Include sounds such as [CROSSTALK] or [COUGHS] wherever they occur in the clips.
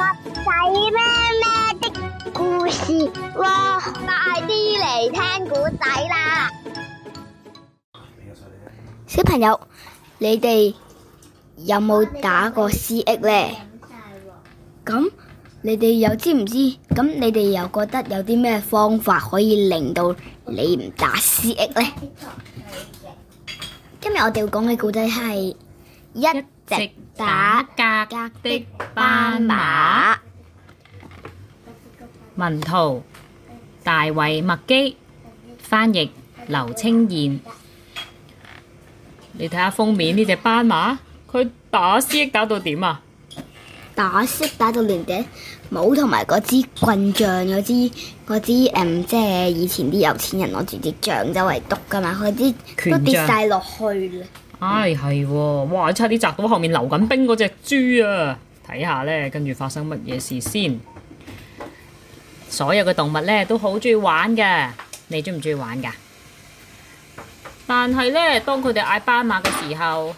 仔咩咩的故事喎，快啲嚟聽古仔啦！小朋友，你哋有冇打過思噎呢？咁你哋又知唔知？咁你哋又覺得有啲咩方法可以令到你唔打思噎呢？今日我哋要講嘅古仔係一。直打嗝的斑馬，文圖：大衛麥基，翻譯：劉清彥。你睇下封面呢隻斑馬，佢打思噎打到點啊？打思噎打到連頂帽同埋嗰支棍杖嗰支嗰支誒，即係以前啲有錢人攞住啲杖周圍督噶嘛，佢啲都跌晒落去啦。唉，係喎、哎哦！哇，差啲砸到後面溜緊冰嗰隻豬啊！睇下呢，跟住發生乜嘢事先？所有嘅動物呢都好中意玩嘅，你中唔中意玩噶？但係呢，當佢哋嗌斑馬嘅時候，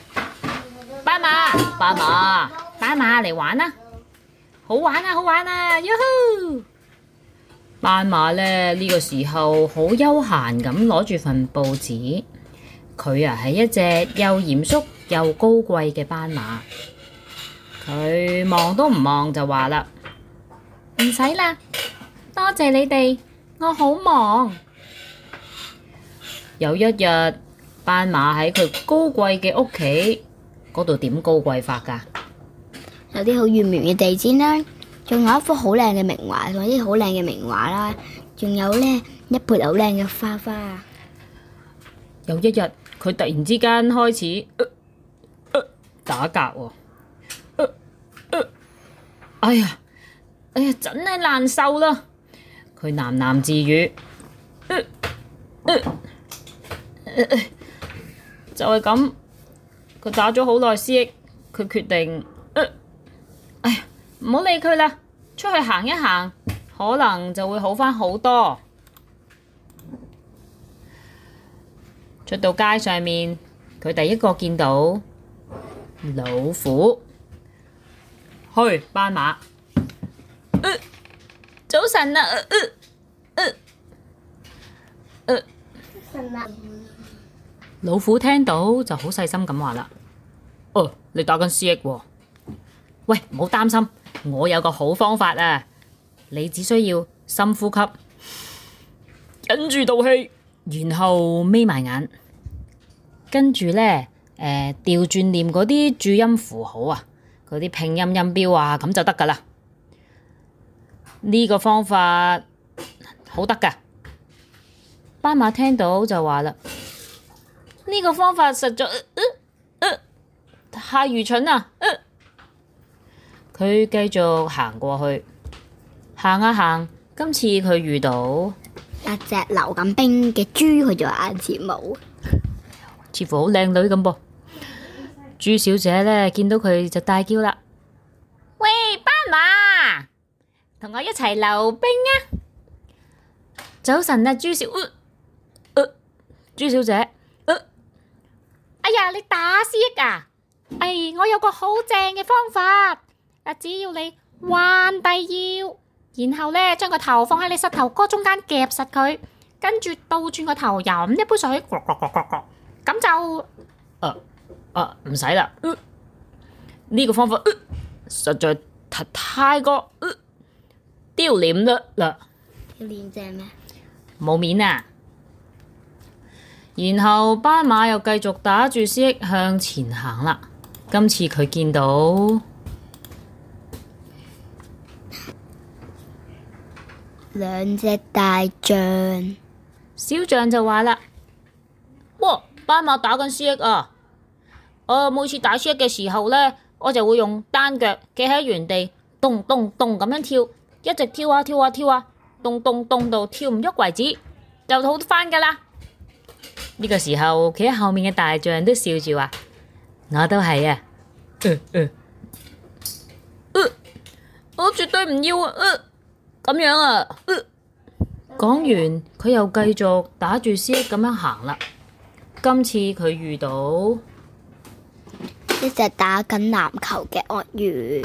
斑馬，斑馬，斑馬嚟玩啦、啊！好玩啊，好玩啊，呦！斑馬呢，呢、這個時候好悠閒咁攞住份報紙。佢啊，係一隻又嚴肅又高貴嘅斑馬。佢望都唔望就話啦：唔使啦，多謝你哋，我好忙。有一日，斑馬喺佢高貴嘅屋企嗰度點高貴法噶？有啲好圓圓嘅地氈啦，仲有一幅好靚嘅名畫，同啲好靚嘅名畫啦，仲有咧一盆好靚嘅花花。有一日。佢突然之間開始、呃呃、打嗝喎，哎、呃、呀、呃，哎呀，真係難受啦！佢喃喃自語、呃呃呃，就係、是、咁。佢打咗好耐司，佢決定，哎呀，唔好理佢啦，出去行一行，可能就會好返好多。出到街上面，佢第一個見到老虎。去斑馬、呃，早晨啊，呃呃呃，早晨。老虎聽到就好細心咁話啦，哦，你打緊思噎，喂，唔好擔心，我有個好方法啊，你只需要深呼吸，忍住啖氣。然後眯埋眼，跟住呢，誒、呃，調轉念嗰啲注音符號啊，嗰啲拼音音標啊，咁就得噶啦。呢、這個方法好得噶。斑馬聽到就話啦，呢、這個方法實在、呃呃、太愚蠢啦！佢、呃、繼續行過去，行一行，今次佢遇到。一隻溜緊冰嘅豬去做眼睫毛，似乎好靚女咁噃。豬小姐咧見到佢就大叫啦，喂，斑馬，同我一齊溜冰啊！早晨啊，豬小豬小姐，哎呀，你打私益啊！哎，我有個好正嘅方法，啊，只要你彎低腰。然後呢，將個頭放喺你膝頭哥中間夾實佢，跟住倒轉個頭飲一杯水，咁就，唔使啦，呢、呃呃呢個方法、呃、實在太太過丟臉嘞！嗱、呃，丟臉啫咩？冇面啊！然後斑馬又繼續打住思噎向前行啦，今次佢見到。兩隻大象，小象就話啦，哇，斑馬打緊思噎啊！我、呃、每次打思噎嘅時候呢，我就會用單腳企喺原地，咚咚咚咁樣跳，一直跳啊跳啊跳啊，咚咚咚到跳唔、啊、喐為止，就好返噶啦！呢個時候企喺後面嘅大象都笑住話、啊，我都係啊、呃呃呃，我絕對唔要啊，呃咁樣啊！講、呃、完，佢又繼續打住思噎咁樣行啦、啊。今次佢遇到一隻打緊籃球嘅鱷魚。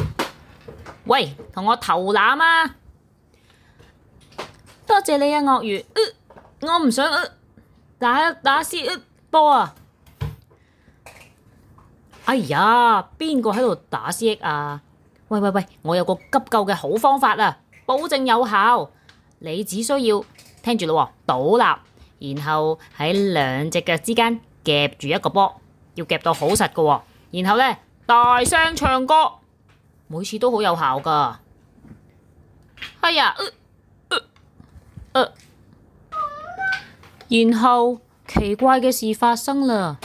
喂，同我投籃啊！多謝你啊，鱷魚。呃、我唔想、呃、打打思噎、呃、波啊！哎呀，邊個喺度打思噎啊？喂喂喂，我有個急救嘅好方法啊！保證有效，你只需要聽住啦，倒立，然後喺兩隻腳之間夾住一個波，要夾到好實噶然後呢，大聲唱歌，每次都好有效噶哎呀，呃呃呃、然後奇怪嘅事發生啦，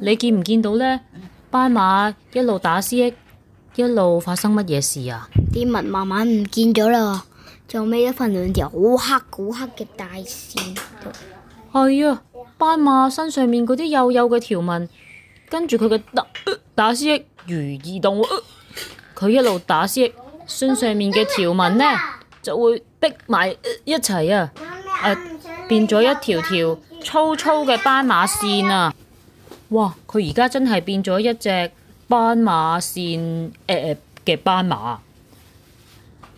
你見唔見到呢？斑馬一路打思噎。一路發生乜嘢事啊？啲紋慢慢唔見咗啦，就尾一份兩條好黑好黑嘅大線。係啊，斑馬身上面嗰啲幼幼嘅條紋，跟住佢嘅打、呃、打絲翼如移動，佢、呃、一路打絲翼，身上面嘅條紋呢，就會逼埋、呃、一齊啊，誒、呃，變咗一條條粗粗嘅斑馬線啊！哇，佢而家真係變咗一隻～斑馬線誒誒嘅斑馬，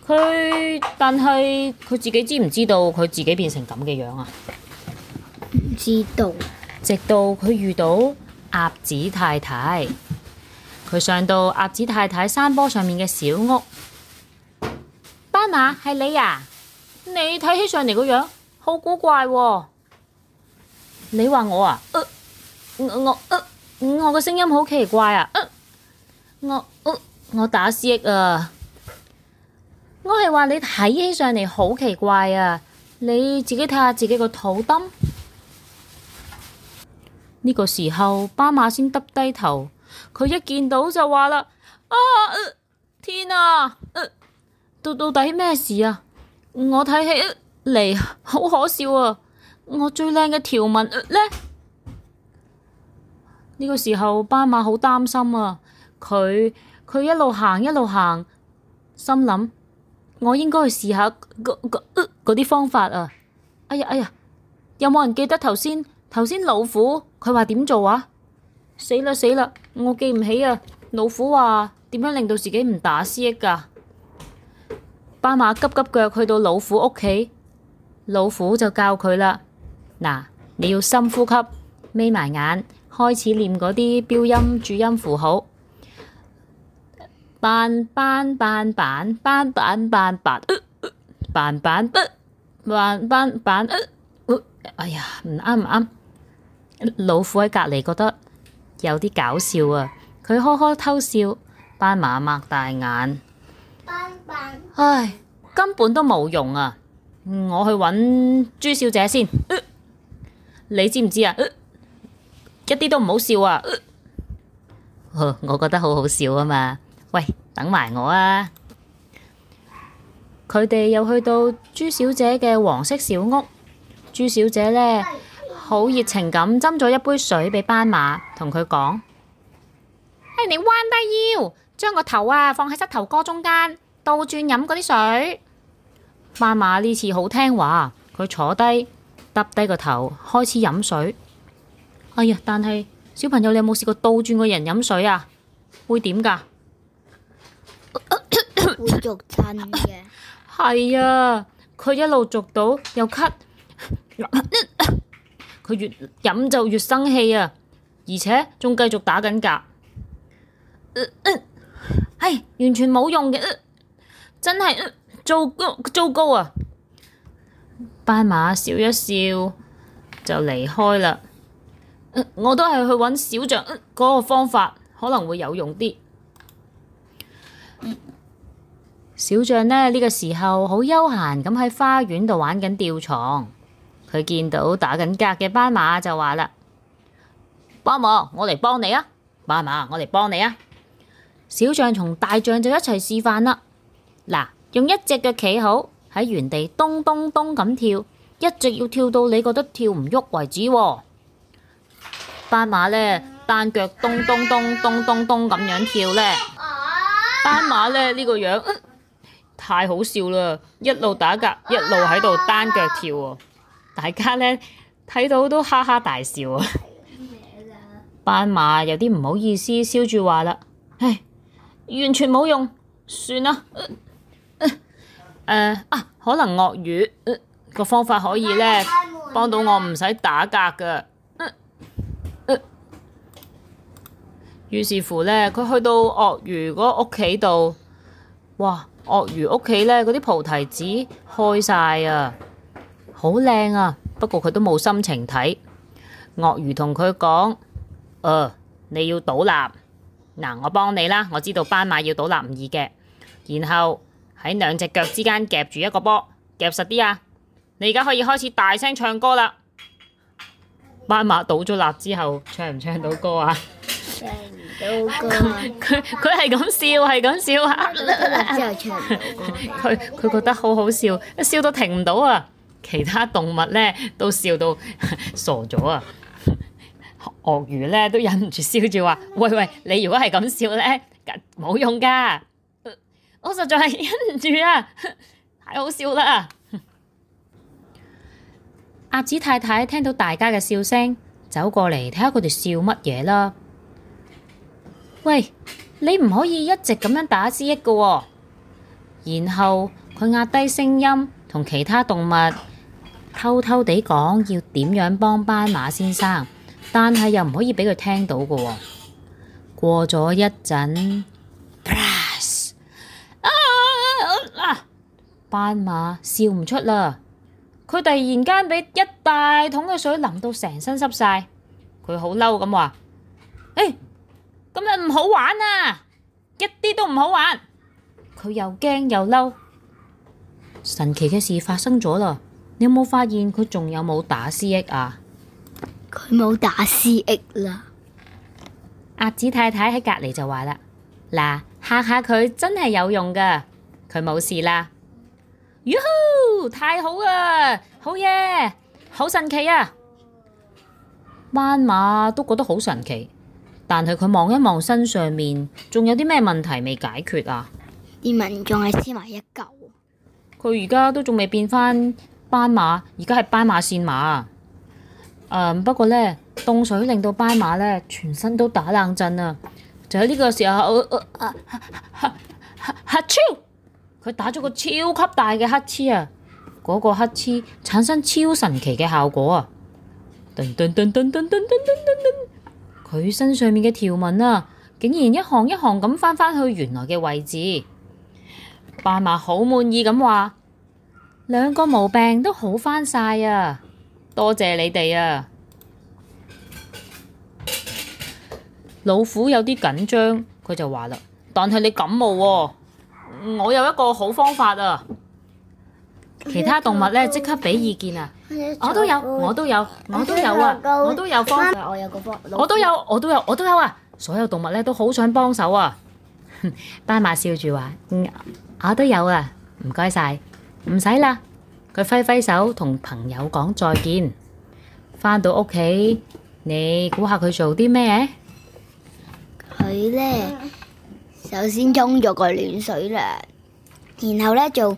佢但係佢自己知唔知道佢自己變成咁嘅樣啊？唔知道。直到佢遇到鴨子太太，佢上到鴨子太太山坡上面嘅小屋。斑馬係你啊？你睇起上嚟個樣好古怪啊。你話我啊？呃、我、呃、我嘅聲音好奇怪啊！我我打思噎啊！我係話你睇起上嚟好奇怪啊！你自己睇下自己個肚墩。呢個時候，斑馬先耷低頭。佢一見到就話啦，啊、呃，天啊！到、呃、到底咩事啊？我睇起嚟好可笑啊！我最靚嘅條紋、呃、呢？呢、這個時候，斑馬好擔心啊！佢佢一路行一路行，心諗，我應該去試下嗰啲、呃、方法啊！哎呀哎呀，有冇人記得頭先頭先老虎佢話點做啊？死啦死啦，我記唔起啊！老虎話點樣令到自己唔打思噎㗎？斑馬急急腳去到老虎屋企，老虎就教佢啦。嗱，你要深呼吸，眯埋眼，開始念嗰啲標音注音符號。斑斑斑斑斑斑斑斑，斑斑，斑斑斑，哎呀，唔啱唔啱。老虎喺隔籬覺得有啲搞笑啊，佢呵呵偷笑，斑馬擘大眼，斑斑，唉，根本都冇用啊，我去揾朱小姐先，你知唔知啊？一啲都唔好笑啊，我覺得好好笑啊嘛。喂，等埋我啊！佢哋又去到朱小姐嘅黃色小屋。朱小姐呢，好熱情咁斟咗一杯水俾斑馬，同佢講：誒，你彎低腰，將個頭啊放喺膝頭哥中間，倒轉飲嗰啲水。斑馬呢次好聽話，佢坐低耷低個頭開始飲水。哎呀，但係小朋友，你有冇試過倒轉個人飲水啊？會點噶？會續震嘅係啊，佢一路續到又咳，佢 [COUGHS] 越飲就越生氣啊，而且仲繼續打緊嗝，係、 [COUGHS] 哎、完全冇用嘅， [COUGHS] 真係糟糕糟糕啊！斑馬笑一笑就離開啦。 [COUGHS] 我都係去揾小象嗰 [COUGHS] 個方法，可能會有用啲。小象呢，呢個時候好悠閒咁喺花園度玩緊吊床，佢見到打緊嗝嘅斑馬就話啦：，斑馬，我嚟幫你啊！斑馬，我嚟幫你啊！小象同大象就一齊示範啦。嗱，用一隻腳企好，喺原地咚咚咚咁跳，一直要跳到你覺得跳唔喐為止。斑馬呢，單腳咚咚咚咚咚咚咁樣跳呢。斑馬咧呢、這個樣、呃、太好笑啦，一路打嗝一路喺度單腳跳喎，大家咧睇到都哈哈大笑啊！斑 [LAUGHS] 馬有啲唔好意思，笑住話啦，唉，完全冇用，算啦，誒、呃呃、啊，可能鱷魚個、呃、方法可以咧幫到我，唔使打嗝噶。於是乎呢，佢去到鱷魚嗰屋企度，哇！鱷魚屋企呢嗰啲菩提子開晒啊，好靚啊！不過佢都冇心情睇。鱷魚同佢講：誒，你要倒立，嗱，我幫你啦。我知道斑馬要倒立唔易嘅，然後喺兩隻腳之間夾住一個波，夾實啲啊！你而家可以開始大聲唱歌啦。斑馬倒咗立之後，唱唔唱到歌啊？佢佢佢係咁笑，係咁笑，佢佢覺得好好笑，笑到停唔到啊！其他動物咧都笑到傻咗啊！鱷魚咧都忍唔住笑住話：喂喂，你如果係咁笑咧，冇用噶，我實在係忍唔住啊！太好笑啦！鴨子太太聽到大家嘅笑聲，走過嚟睇下佢哋笑乜嘢啦。喂，你唔可以一直咁樣打思噎噶喎。然後佢壓低聲音同其他動物偷偷地講要點樣幫斑馬先生，但係又唔可以俾佢聽到噶、哦。過咗一陣，啊！斑、啊啊、馬笑唔出啦，佢突然間俾一大桶嘅水淋到成身濕晒，佢好嬲咁話：誒、哎！咁樣唔好玩啊！一啲都唔好玩。佢又驚又嬲。神奇嘅事發生咗啦！你有冇發現佢仲有冇打思噎啊？佢冇打思噎啦。A、阿紫太太喺隔籬就話啦：，嗱吓吓佢真係有用噶，佢冇事啦。喲吼太好啊！好嘢，好神奇啊！斑馬都覺得好神奇。但係佢望一望身上面，仲有啲咩問題未解決啊？啲紋仲係黐埋一嚿。佢而家都仲未變翻斑馬，而家係斑馬線馬啊！不過呢，凍水令到斑馬呢全身都打冷震啊！就喺呢個時候，佢打咗個超級大嘅乞嗤啊！嗰個乞嗤產生超神奇嘅效果啊！佢身上面嘅條紋啊，竟然一行一行咁返返去原來嘅位置。爸媽好滿意咁話，兩個毛病都好返晒啊！多謝你哋啊！老虎有啲緊張，佢就話啦：但係你感冒喎，啊，我有一個好方法啊！其他動物咧即刻俾意見啊！我都有，我都有，我都有啊！我都有方，我有個方，我都有，我都有，我都有啊！所有動物咧都好想幫手啊！斑馬笑住話：嗯，我都有啊！唔該晒，唔使啦。佢揮揮手同朋友講再見，返到屋企，你估下佢做啲咩？佢咧首先沖咗個暖水涼，然後咧做。